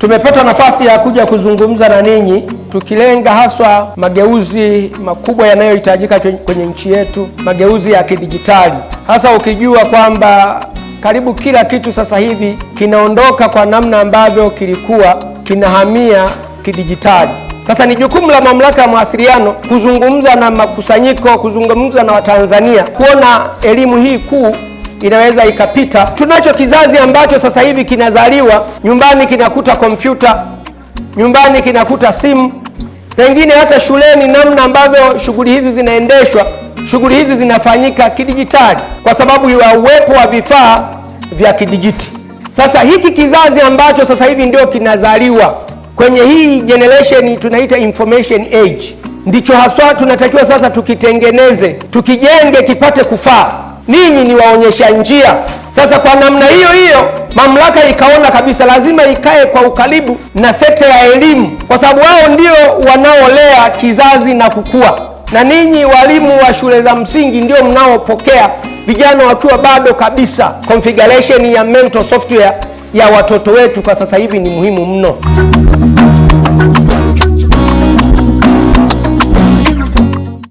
Tumepata nafasi ya kuja kuzungumza na ninyi tukilenga haswa mageuzi makubwa yanayohitajika kwenye nchi yetu, mageuzi ya kidijitali, hasa ukijua kwamba karibu kila kitu sasa hivi kinaondoka kwa namna ambavyo kilikuwa kinahamia kidijitali. Sasa ni jukumu la mamlaka ya mawasiliano kuzungumza na makusanyiko, kuzungumza na Watanzania kuona elimu hii kuu inaweza ikapita. Tunacho kizazi ambacho sasa hivi kinazaliwa, nyumbani kinakuta kompyuta, nyumbani kinakuta simu, pengine hata shuleni, namna ambavyo shughuli hizi zinaendeshwa, shughuli hizi zinafanyika kidijitali kwa sababu ya uwepo wa vifaa vya kidijiti. Sasa hiki kizazi ambacho sasa hivi ndio kinazaliwa kwenye hii generation tunaita information age, ndicho haswa tunatakiwa sasa tukitengeneze, tukijenge, kipate kufaa ninyi ni waonyesha njia. Sasa kwa namna hiyo hiyo mamlaka ikaona kabisa lazima ikae kwa ukaribu na sekta ya elimu, kwa sababu wao ndio wanaolea kizazi na kukua, na ninyi walimu wa shule za msingi ndio mnaopokea vijana wakiwa bado kabisa. Configuration ya mental software ya watoto wetu kwa sasa hivi ni muhimu mno.